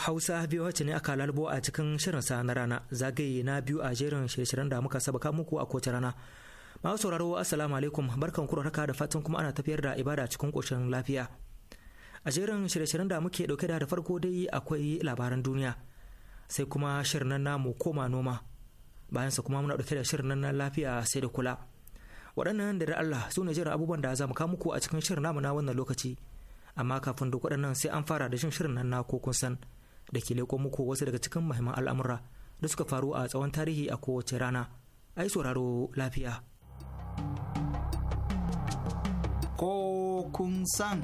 Hausa biyu wacce ne aka lalubo a cikin shirin sa na rana zagaye na biyu a jerin shirye-shiryen da muka saba muku a kowace rana. Masu sauraro assalamu alaikum barkan ku raka da fatan kuma ana tafiyar da ibada cikin koshin lafiya. A jerin shirye da muke dauke da farko dai akwai labaran duniya sai kuma shirin namu koma noma bayan sa kuma muna dauke da shirin nan lafiya sai da kula. Waɗannan da Allah su ne jira abubuwan da za mu kawo muku a cikin shirin namu na wannan lokaci. amma kafin duk waɗannan sai an fara da shin shirin nan na ko kun san da ke leko muku wasu daga cikin muhimman al'amura da suka faru a tsawon tarihi a kowace rana. Ai sauraro lafiya. Ko kun san.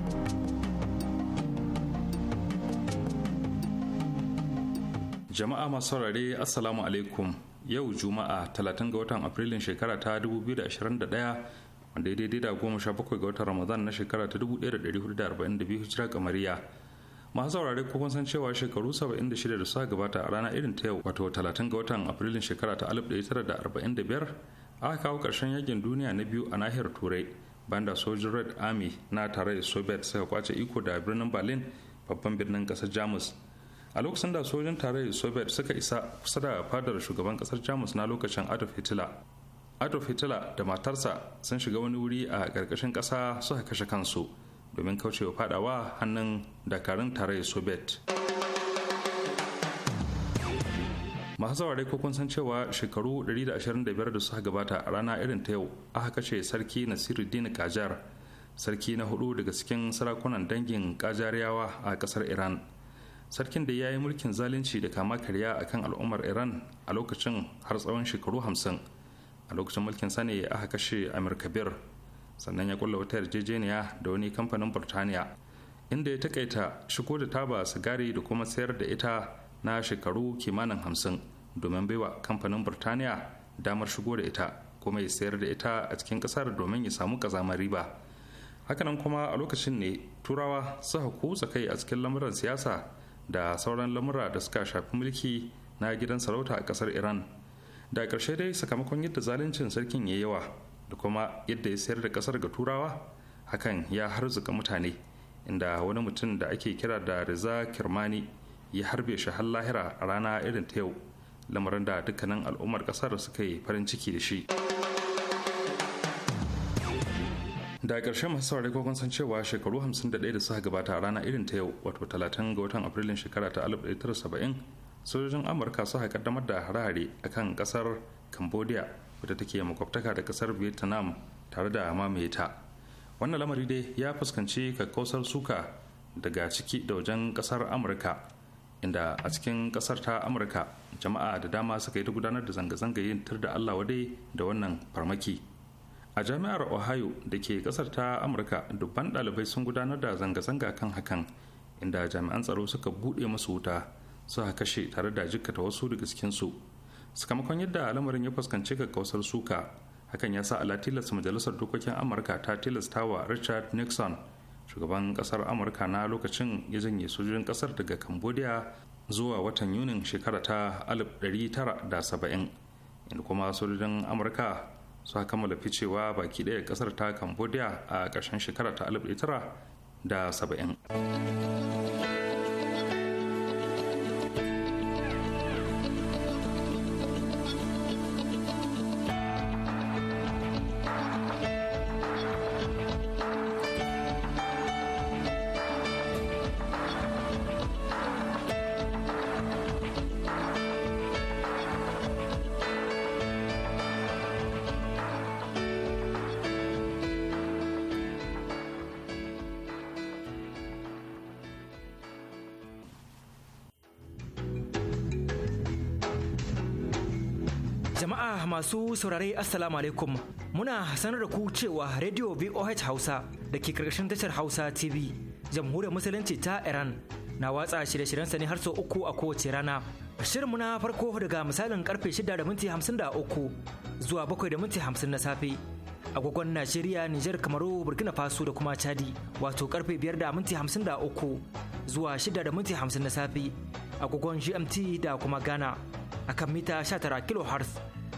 Jama'a masu saurare Assalamu alaikum yau Juma'a 30 ga watan Afrilun shekara ta 2021 wanda daidai da goma sha bakwai ga watan ramadan na shekara ta 1442 hijira kamariya masu saurare ko kun san cewa shekaru 76 da suka gabata a rana irin ta yau wato 30 ga watan afrilun shekara ta 1945 aka kawo ƙarshen yakin duniya na biyu a nahiyar turai banda sojin red army na tare da soviet suka kwace iko da birnin berlin babban birnin kasar jamus a lokacin da sojin da soviet suka isa kusa da fadar shugaban ƙasar jamus na lokacin adolf hitler adolf hitler da matarsa sun shiga wani wuri a karkashin ƙasa suka kashe kansu domin kaucewa fadawa hannun dakarun tarayyar soviet masu saurare ko kun san cewa shekaru 125 da suka gabata a rana irin ta yau aka kashe sarki nasiruddin kajar sarki na hudu daga cikin sarakunan dangin kajariyawa a kasar iran sarkin da ya yi mulkin zalunci da kama karya a kan al'ummar iran a lokacin har tsawon shekaru hamsin a lokacin mulkin sani aka kashe amir kabir sannan ya kulla wata yarjejeniya da wani kamfanin burtaniya inda ya takaita shigo da taba sigari da kuma sayar da ita na shekaru kimanin hamsin domin baiwa kamfanin burtaniya damar shigo da ita kuma ya sayar da ita a cikin kasar domin ya samu kazamar riba hakanan kuma a lokacin ne turawa suka kusa kai a cikin lamuran siyasa da sauran lamura da suka shafi mulki na gidan sarauta a kasar iran da ƙarshe dai sakamakon yadda zaluncin sarkin ya yawa da kuma yadda ya sayar da kasar ga turawa hakan ya harzuka mutane inda wani mutum da ake kira da riza kirmani ya harbe shi har lahira a rana irin ta yau lamarin da dukkanin al'ummar kasar suka yi farin ciki da shi da ƙarshe masu saurari ko san cewa shekaru 51 da suka gabata a rana irin ta yau wato 30 ga watan afrilun shekara ta 1970 sojojin amurka suka kaddamar da harare akan kasar cambodia wadda take makwabtaka da kasar vietnam tare da mamaye ta wannan lamari dai ya fuskanci kakkausar suka daga ciki da wajen kasar amurka inda a cikin kasar ta amurka jama'a da dama suka yi ta gudanar da zanga-zanga yin tur da allah wadai da wannan farmaki a jami'ar ohio da ke kasar ta amurka dubban ɗalibai sun gudanar da zanga-zanga kan hakan inda jami'an tsaro suka buɗe masu wuta suka kashe tare da jikkata wasu daga cikinsu sakamakon yadda lamarin ya fuskanci kakkausar suka hakan ya sa ala tilasta majalisar dokokin amurka ta tilasta wa richard nixon shugaban kasar amurka na lokacin ya janye sojojin kasar daga cambodia zuwa watan yunin shekara ta 1970 inda kuma sojojin amurka su kammala ficewa baki daya kasar ta cambodia a ƙarshen shekara ta 1970 masu saurare assalamu alaikum muna sanar da ku cewa radio voh hausa da ke karkashin tashar hausa tv jamhuriyar musulunci ta iran na watsa shirye-shiryensa ne har sau uku a kowace rana shirin na farko daga misalin karfe shida da minti hamsin da uku zuwa bakwai da minti hamsin na safe agogon Najeriya, niger Kamaru, Burkina Faso da kuma Chadi, wato karfe 5:53 da minti zuwa 6:50 da minti na safe, agogon GMT da kuma Ghana, akan mita 19 kHz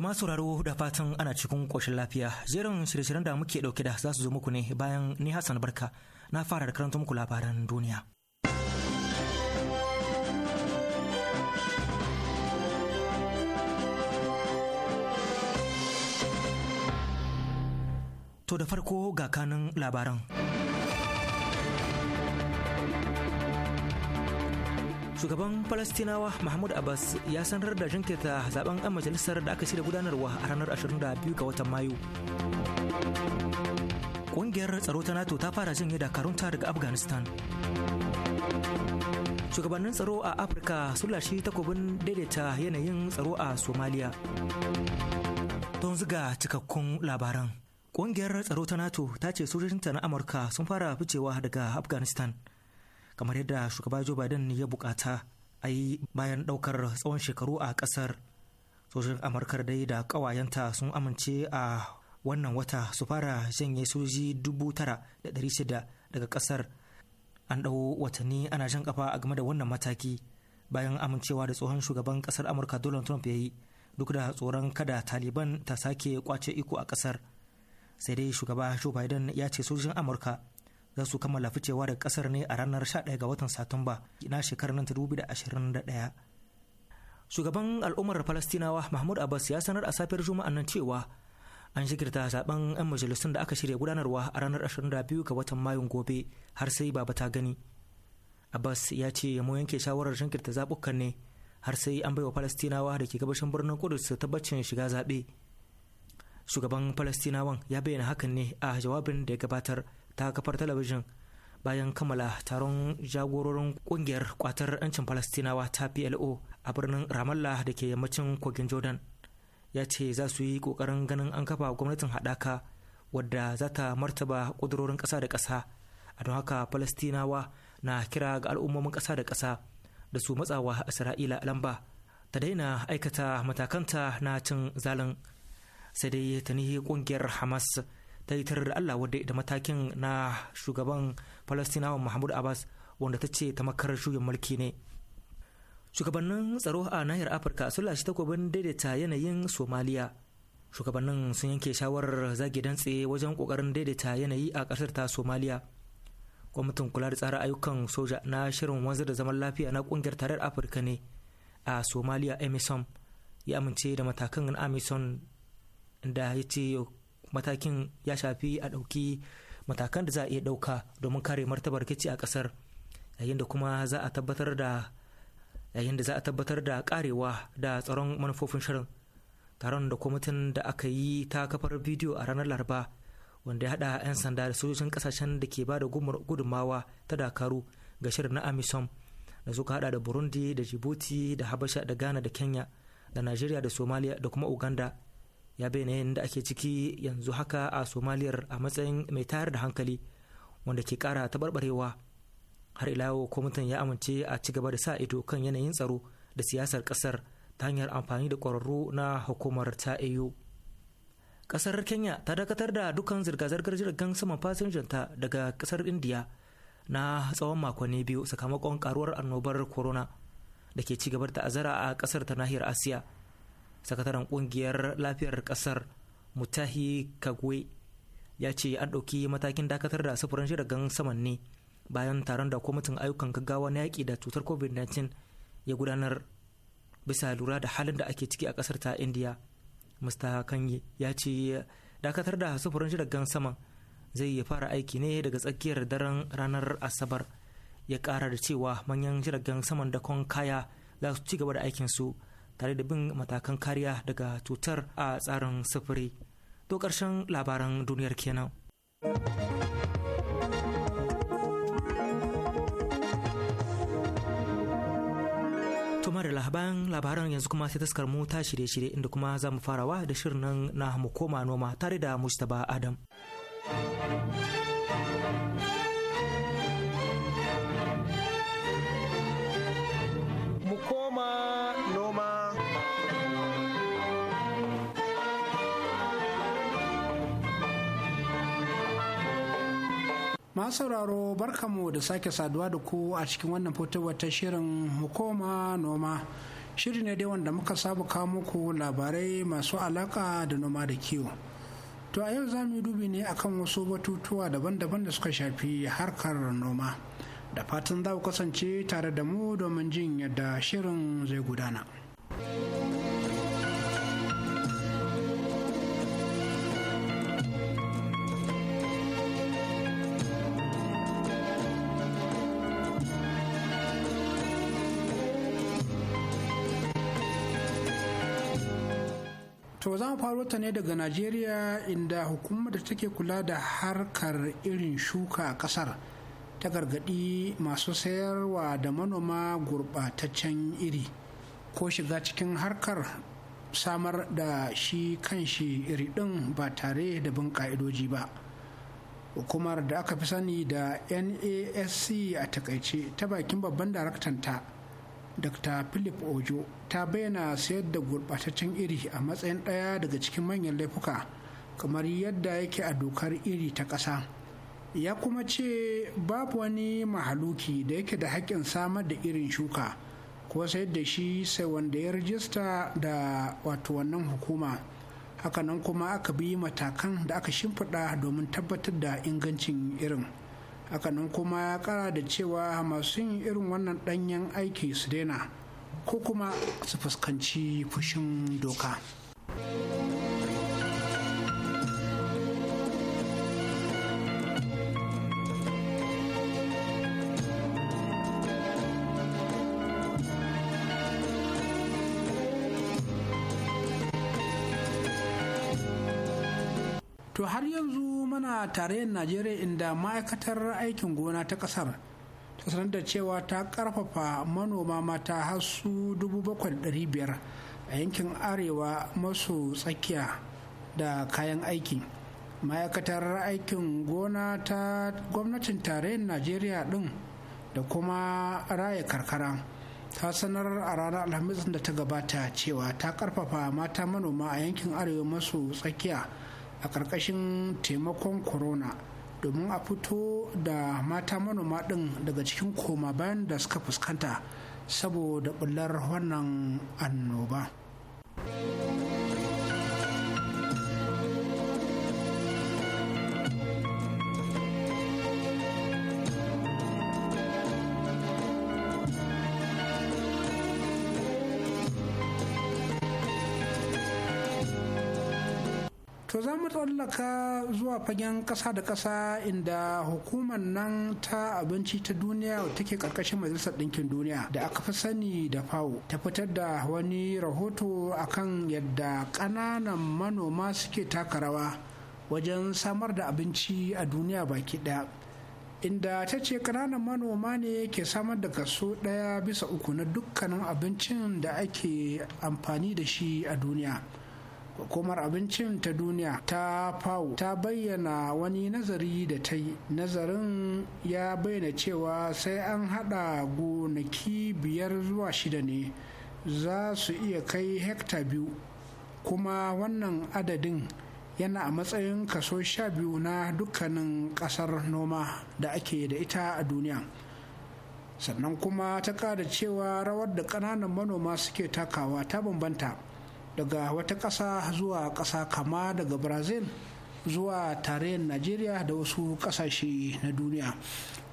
ma sauraro da fatan ana cikin ƙoshin lafiya jerin shirye-shiryen da muke ɗauke da za su zo muku ne bayan ni Hassan Barka na fara da karanta muku labaran duniya. To da farko ga kanin labaran. shugaban palestinawa mahmud abbas ya sanar da jinkirta zaben 'yan majalisar da aka shirya gudanarwa a ranar 22 ga watan mayu ƙungiyar tsaro ta nato ta fara da dakarunta daga afghanistan shugabannin tsaro a afirka sun lashe takobin daidaita yanayin tsaro a somaliya don ziga cikakkun labaran ƙungiyar tsaro ta nato ta ce sojojinta na amurka sun fara ficewa daga afghanistan kamar yadda shugaba joe biden ya bukata a yi bayan daukar tsawon shekaru a kasar sojin amurka dai da kawayenta sun amince a wannan wata su fara janye soji dubu tara da dari shida daga kasar an ɗau watanni ana jan kafa a game da wannan mataki bayan amincewa da tsohon shugaban kasar amurka donald trump ya yi duk da tsoron kada taliban ta sake kwace iko a kasar sai dai shugaba joe biden ya ce sojin amurka za su kammala ficewa daga kasar ne a ranar 11 ga watan satumba na shekarar nan ta 2021 shugaban al'ummar falastinawa mahmud abbas ya sanar a safiyar juma'an nan cewa an shigirta zaben 'yan majalisun da aka shirya gudanarwa a ranar 22 ga watan mayun gobe har sai baba ta gani abbas ya ce mu yanke shawarar shinkirta zaɓukan ne har sai an baiwa falastinawa da ke gabashin birnin kudus tabbacin shiga zaɓe shugaban falastinawan ya bayyana hakan ne a jawabin da ya gabatar ta kafar talabijin bayan kammala taron jagororin kungiyar kwatar 'yancin falastinawa ta plo a birnin ramallah da ke yammacin kogin jordan ya ce za su yi kokarin ganin an kafa gwamnatin haɗaka wadda za ta martaba ƙudurorin ƙasa da ƙasa a don haka falastinawa na kira ga al'ummomin ƙasa da ƙasa da su matsawa isra'ila lamba ta daina aikata matakanta na cin zalin sai dai ta nihi ƙungiyar hamas ta yi tarar Allah wadda da matakin na shugaban Falastinawa Mahmud Abbas wanda ta ce ta makarar shugaban mulki ne. Shugabannin tsaro a nahiyar Afirka sun lashe takobin daidaita yanayin Somaliya. Shugabannin sun yanke shawarar zage dantse wajen kokarin daidaita yanayi a kasar ta Somaliya. Gwamnatin kula da tsara ayyukan soja na shirin wanzar da zaman lafiya na ƙungiyar tarayyar Afirka ne a Somaliya emison ya amince da matakan emison da ya ce matakin ya shafi a ɗauki matakan da za a iya ɗauka domin kare martabar kici a ƙasar yayin da kuma za a tabbatar da yayin da za a tabbatar da karewa da tsaron manufofin shirin taron da kwamitin da aka yi ta kafar bidiyo a ranar laraba wanda ya haɗa 'yan sanda da sojojin ƙasashen da ke ba da gudunmawa ta dakaru ga shirin na amisom da suka haɗa da burundi da jibuti da habasha da ghana da kenya da najeriya da somalia da kuma uganda ya bayyana yayin da ake ciki yanzu haka a somaliyar a matsayin mai tayar da hankali wanda ke kara taɓarɓarewa har ila yau kwamitin ya amince a ci gaba da sa ido kan yanayin tsaro da siyasar ƙasar ta hanyar amfani da ƙwararru na hukumar ta au ƙasar kenya ta dakatar da dukkan zirga-zirgar jirgin saman fasinjanta daga ƙasar indiya na tsawon makonni biyu sakamakon karuwar annobar corona da ke ci gaba da ta'azara a ƙasar ta nahiyar asiya sakataren kungiyar lafiyar kasar mutahi kagwe ya ce an ɗauki matakin dakatar da sufurin jiragen saman ne bayan taron da kwamitin ayyukan gaggawa na yaƙi da cutar covid-19 ya gudanar bisa lura da halin da ake ciki a ƙasar ta indiya mr kanye ya ce dakatar da sufurin jiragen saman zai fara aiki ne daga tsakiyar daren ranar asabar ya kara da cewa manyan jiragen saman dakon kaya za su ci gaba da aikinsu su tare da bin matakan kariya daga cutar a tsarin sufuri to ƙarshen labaran duniyar kenan da bayan labaran yanzu kuma sai taskar mu ta shirye-shirye inda kuma za mu farawa da shirin nan na mu koma noma tare da mustapha adam masu sauraro barkamu da sake saduwa da ku a cikin wannan fitowar ta shirin hukoma noma shiri ne dai wanda muka saba kawo muku labarai masu alaka da noma da kiwo to a yau za mu yi dubi ne akan wasu batutuwa daban-daban da suka shafi harkar noma da fatan za ku kasance tare da mu domin jin yadda shirin zai gudana. To za mu faro ta ne daga Najeriya inda hukumar da take kula da harkar irin shuka a ƙasar ta gargaɗi masu sayarwa da manoma gurɓataccen iri ko shiga cikin harkar samar da shi kan shi iri ɗin ba tare da bin ƙa'idoji ba. Hukumar da aka fi sani da NASC a takaice ta bakin babban daraktanta. dr philip ojo ta bayyana sayar da gurɓataccen iri a matsayin ɗaya daga cikin manyan laifuka kamar yadda yake a dokar iri ta ƙasa ya kuma ce babu wani mahaluki da yake da haƙƙin samar da irin shuka ko sayar da shi sai wanda ya rijista da wato wannan hukuma hakanan kuma aka bi matakan da aka shimfiɗa domin tabbatar da ingancin irin hakanan kuma ya kara da cewa masu yin irin wannan danyen aiki su daina ko kuma su fuskanci fushin doka To har yanzu mana tarayyar najeriya inda ma'aikatar aikin gona ta kasar ta sanar da cewa ta karfafa manoma mata har su 7,500 a yankin arewa maso tsakiya da kayan aiki ma'aikatar aikin gona ta gwamnatin tarayyar najeriya din da kuma raya karkara ta sanar a ranar alhamis da ta gabata cewa ta karfafa mata manoma a yankin arewa maso tsakiya a ƙarƙashin taimakon corona domin a fito da mata manoma ɗin daga cikin koma bayan da suka fuskanta saboda ɓullar wannan annoba. tsallaka zuwa fagen ƙasa da ƙasa inda hukumar nan ta abinci ta duniya take ƙarƙashin majalisar ɗinkin duniya da aka fi sani da fawo ta fitar da wani rahoto akan yadda ƙananan manoma suke taka rawa wajen samar da abinci a duniya baki ɗaya inda ta ce ƙananan manoma ne ke samar da kaso ɗaya bisa uku na dukkanin abincin da ake amfani da shi a duniya. hukumar abincin ta duniya ta fao ta bayyana wani nazari da ta yi nazarin ya bayyana cewa sai an hada gonaki biyar zuwa shida ne za su iya kai hekta biyu kuma wannan adadin yana a matsayin kaso sha biyu na dukkanin kasar noma da ake da ita a duniya sannan kuma ta kada cewa rawar da ƙananan manoma suke takawa ta bambanta daga wata ƙasa zuwa ƙasa kama daga brazil zuwa tarayyar najeriya da wasu ƙasashe na duniya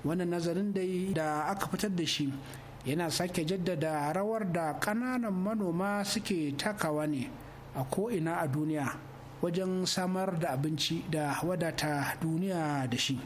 wannan nazarin dai da aka fitar da shi yana sake jaddada rawar da ƙananan manoma suke takawa ne a ko'ina a duniya wajen samar da abinci da wadata duniya da shi.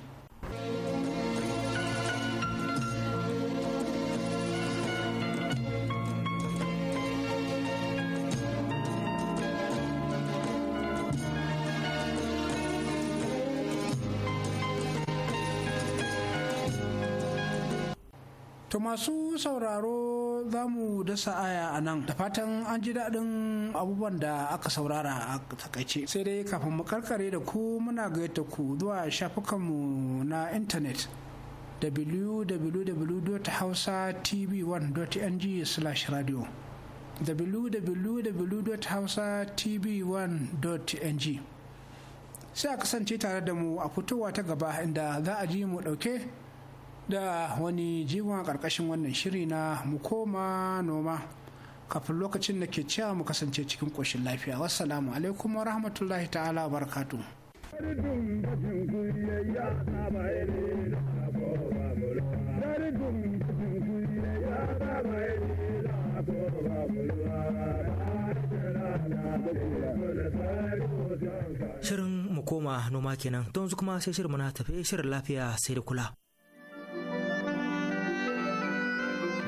masu sauraro za mu dasa aya a nan da fatan an ji daɗin abubuwan da aka saurara a takaice sai dai kafin mu karkare da ku muna gayyata ku zuwa shafukanmu na intanet www.hausatv1.ng/radio www.hausatv1.ng sai a kasance tare da mu a fitowa ta gaba inda za a ji mu ɗauke da wani jiwon ƙarƙashin wannan shiri na mu koma noma kafin lokacin da ke cewa mu kasance cikin ƙoshin lafiya wassalamu alaikum wa rahmatullahi ta'ala wa Shirin mu koma noma kenan, don kuma sai shirin muna tafi shirin lafiya sai da kula.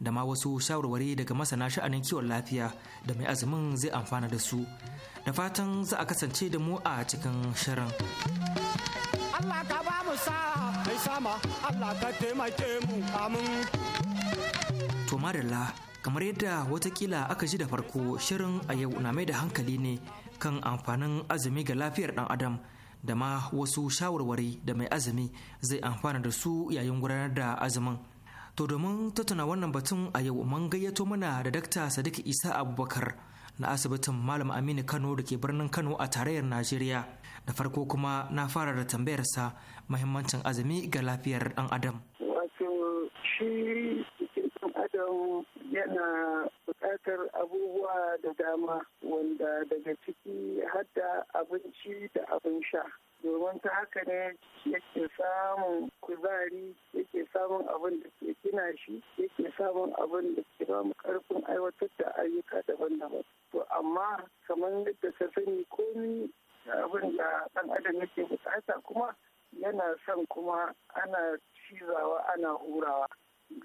da ma wasu shawarwari daga masana sha'anin kiwon lafiya da mai azumin zai amfana da su da fatan za a kasance da mu a cikin shirin Allah ka ba mu sa mai sama Allah ka taimake mu amin to madalla kamar yadda watakila aka ji da farko shirin a yau na mai da hankali ne kan amfanin azumi ga lafiyar dan adam da ma wasu shawarwari da mai azumi zai amfana da su yayin gudanar da azumin To domin tattauna wannan batun a yau mun gayyato mana da Dakta Sadiq Isa Abubakar na asibitin Malam Aminu Kano da ke birnin Kano a tarayyar Najeriya. Da farko kuma na fara da tambayarsa mahimmancin azumi ga lafiyar ɗan adam. Wato shi ɗan adam yana buƙatar abubuwa da dama wanda daga ciki hadda abinci da abin sha. domin ta haka ne yake samun kuzari yake samun abin da ke gina shi yake samun abin da ke ba mu karfin aiwatar da ayyuka daban-daban to amma kamar yadda ta sani komi abin da ɗan adam yake bukata kuma yana son kuma ana cizawa ana hurawa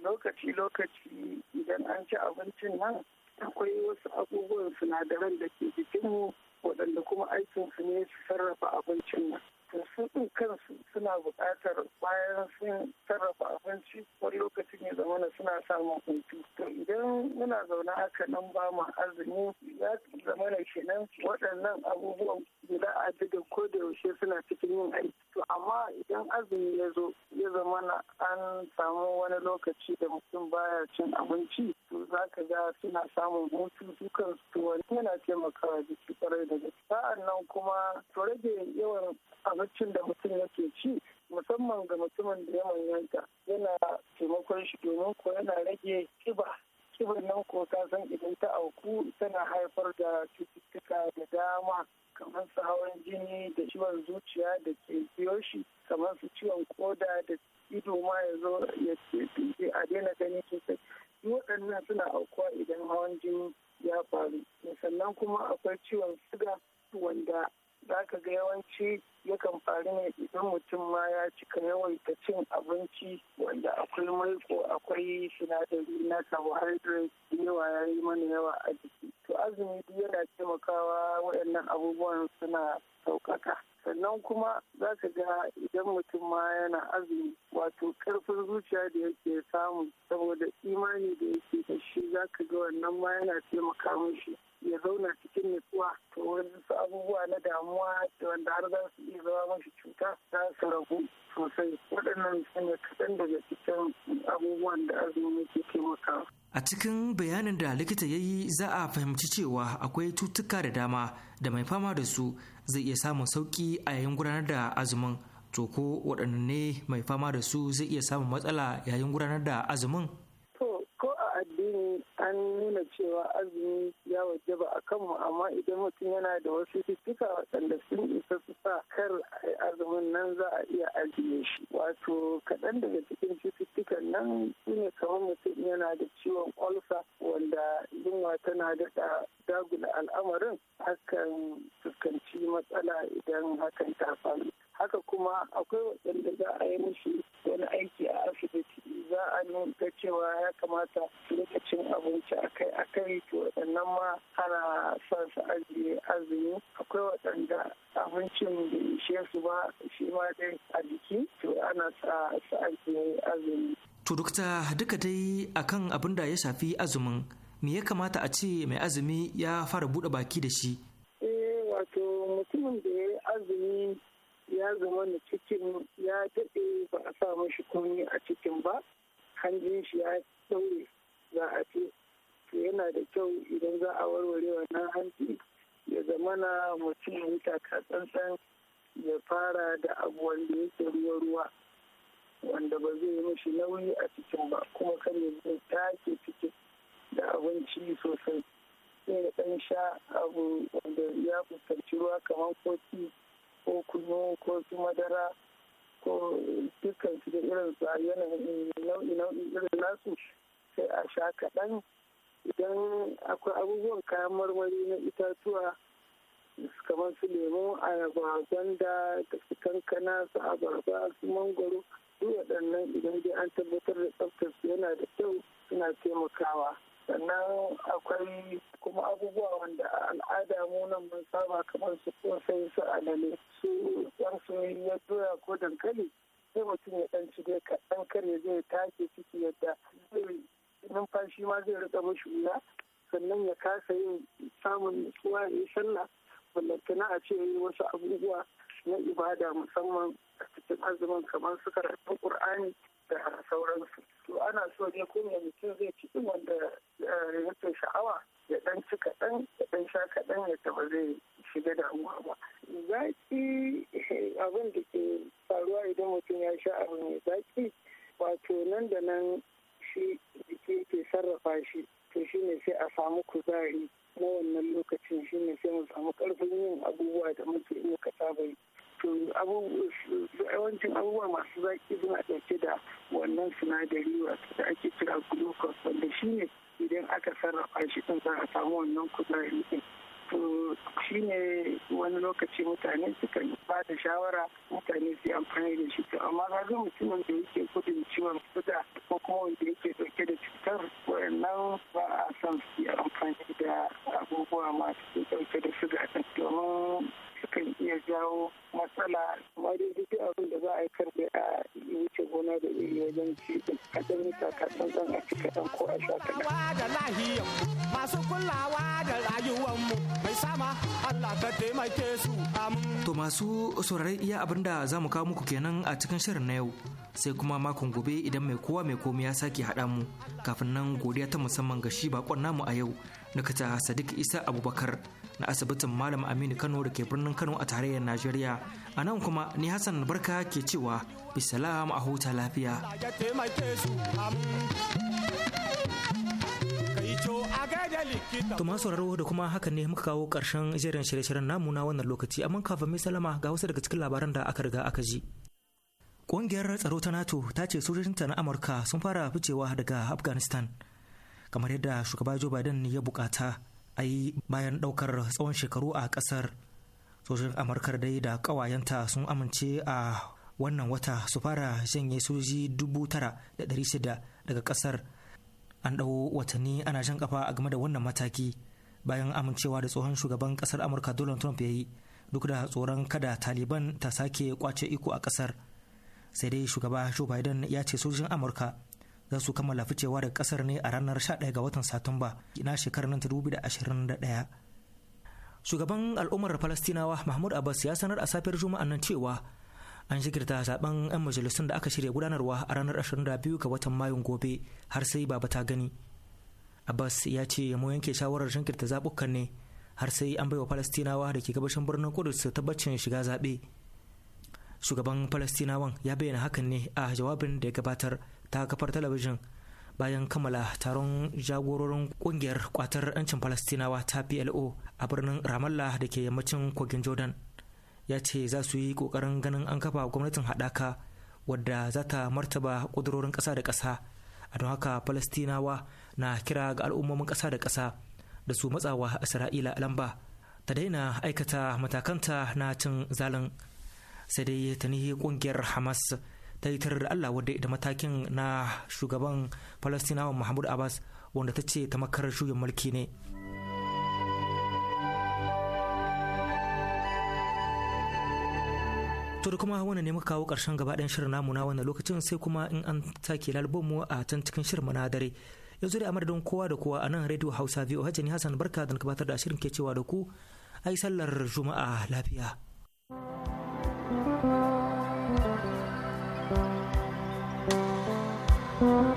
lokaci-lokaci idan an ci abincin nan akwai wasu abubuwan sinadaran da ke jikinmu waɗanda kuma aikinsu ne su sarrafa abincin nan to su ɗin kansu suna buƙatar bayan sun sarrafa abinci wani lokacin ya zama na suna samun hutu to idan muna zaune haka nan ba mu azumi ya zama na kenan waɗannan abubuwan guda a da ko da yaushe suna cikin yin aiki to amma idan azumi ya zo ya zama na an samu wani lokaci da mutum baya cin abinci to za ka ga suna samun hutu su kansu to wani yana taimakawa jiki kwarai da gaske sa'an nan kuma to rage yawan abincin da mutum yake ci musamman ga mutumin da ya manyanta yana taimakon shi domin ko yana rage kiba kibar nan ko ta san idan ta auku tana haifar da cututtuka da dama kamar su hawan jini da ciwon zuciya da ke biyo shi kamar su ciwon koda da ido ma ya zo ya a daina gani sosai waɗannan suna aukuwa idan hawan jini ya faru sannan kuma akwai ciwon suga wanda za ka ga yawanci yakan faru ne idan mutum ma ya cika yawaita cin abinci wanda akwai mai ko akwai sinadari na carbohydrate yawa ya yi mana yawa a jiki to azumi duk yana taimakawa waɗannan abubuwan suna saukaka sannan kuma za ka ga idan mutum ma yana azumi wato karfin zuciya da yake samu saboda imani da yake da shi za ka ga wannan ma yana taimaka mishi ya zauna cikin nutsuwa to wasu abubuwa na damuwa da wanda har za su iya zama mashi cuta za su rabu sosai waɗannan su ne kaɗan daga cikin abubuwan da azumi ke taimakawa. a cikin bayanin da likita ya yi za a fahimci cewa akwai cutuka da dama da mai fama da su zai iya samun sauƙi a yayin gudanar da azumin to ko waɗanne mai fama da su zai iya samun matsala yayin gudanar da azumin an nuna cewa azumi ya wajaba a kanmu amma idan mutum yana da wasu cututtuka waɗanda sun isa su sa kar azumin nan za a iya ajiye shi wato kaɗan daga cikin cututtukan nan sune kamar mutum yana da ciwon kwalsa, wanda yunwa tana daɗa dagula al'amarin hakan fuskanci matsala idan hakan ta faru haka kuma akwai waɗanda za a yi mishi wani aiki a asibiti za a nuna cewa ya kamata lokacin abinci akai akai to waɗannan ma ana son su ajiye azumi akwai waɗanda abincin da ishe su ba shi ma dai a jiki to ana sa su ajiye azumi. To dukta duka dai akan abin da ya shafi azumin me ya kamata a ce mai azumi ya fara buɗe baki da shi? Eh wato mutumin da ya azumi ya zama na cikin ya daɗe ba a sa mashi komai a cikin ba hanjin shi ya daure za a ce to yana da kyau idan za a warware wannan hanci ya zamana mutum ya yi tsantsan ya fara da abu wanda yake ruwa-ruwa wanda ba zai mishi nauyi a cikin ba kuma kan ya zai take cikin da abinci sosai sai ya ɗan sha abu wanda ya fuskanci ruwa kamar kofi irin su a yanayin nau'i nau'i irin nasu sai a sha kaɗan idan akwai abubuwan kayan marmari na itatuwa kamar su lemu ayaba gwanda da su kankana su abarba su mangoro duk waɗannan idan dai an tabbatar da tsaftar su yana da kyau suna taimakawa sannan akwai kuma abubuwa wanda a al'ada mu nan mun saba kamar su kosai su alale su yan soyayyen doya ko dankali sai mutum ya ɗan cire kaɗan kar ya zai take ciki yadda zai numfashi ma zai rika mashi wuya sannan ya kasa yin samun nutsuwa ya yi sallah ballantana a ce yi wasu abubuwa na ibada musamman a cikin azumin kamar su karatun ƙur'ani da sauransu to ana so ne ko mai mutum zai ci ɗin wanda ya eh, yake sha'awa ya ɗan ci kaɗan ya dan sha kaɗan ya taɓa zai shiga damuwa ba zaki eh, abin da ke shi abu mai zaki wato nan da nan shi jiki ke sarrafa shi to shi ne sai a samu kuzari room kar a wuce gona da iri wajen ci kadan mita kaɗan zan a ci kadan ko a sha kaɗan. Masu kulawa da rayuwanmu mai sama Allah ka taimake su To masu sauraron iya abin da za mu kawo muku kenan a cikin shirin na yau. sai kuma makon gobe idan mai kowa mai komai ya sake haɗa mu kafin nan godiya ta musamman ga shi bakon namu a yau na kata sadiq isa abubakar na asibitin malam aminu kano da ke birnin kano a tarayyar najeriya a nan kuma ni hassan barka ke cewa bisalam a huta lafiya To da kuma haka ne muka kawo ƙarshen jerin shirye-shiryen namu na wannan lokaci amma kafin mai salama ga wasu daga cikin labaran da aka riga aka ji. Ƙungiyar tsaro ta NATO ta ce sojojinta na Amurka sun fara ficewa daga Afghanistan kamar yadda shugaba Joe Biden ya bukata a yi bayan ɗaukar tsawon shekaru a ƙasar. sojojin amurkar dai da kawayenta sun amince a wannan wata su fara janye soji dubu tara da ɗari shida daga kasar. an ɗau watanni ana shan kafa a game da wannan mataki bayan amincewa da tsohon shugaban ƙasar amurka donald trump ya yi duk da tsoron kada taliban ta sake kwace iko a ƙasar sai dai shugaba joe biden ya ce sojojin amurka za su kammala ficewa daga ƙasar ne a ranar 11 ga watan satumba na shekarar 2021 shugaban al'ummar falastinawa mahmud abbas ya sanar a safiyar juma'an nan cewa an shigirta zaben 'yan majalisun da aka shirya gudanarwa a ranar 22 ga watan mayun gobe har sai baba ta gani abbas ya ce mu yanke shawarar shinkirta zabukan ne har sai an baiwa falastinawa da ke gabashin birnin kudus tabbacin shiga zabe shugaban falastinawan ya bayyana hakan ne a jawabin da ya gabatar ta kafar talabijin bayan kammala taron jagororin kungiyar kwatar 'yancin falastinawa ta plo a birnin ramallah da ke yammacin kogin jordan ya ce za su yi kokarin ganin an kafa gwamnatin haɗaka wadda za ta martaba ƙudurorin ƙasa da ƙasa a don haka falastinawa na kira ga al'ummomin ƙasa da ƙasa da su matsawa isra'ila lamba ta daina aikata matakanta na cin zalin sai dai ta nihi kungiyar hamas ta yi Allah wadda da matakin na shugaban Falastinawa Mahmud Abbas wanda ta ce ta makarar shugaban mulki ne. To da kuma wannan ne muka kawo ƙarshen gabaɗayan shirin namu na wannan lokacin sai kuma in an sake mu a can cikin shirin na dare. Yanzu da amadadin kowa da kowa a nan Radio Hausa VOH ne Hassan Barka da gabatar da shirin ke cewa da ku ai sallar Juma'a lafiya. Mm-hmm.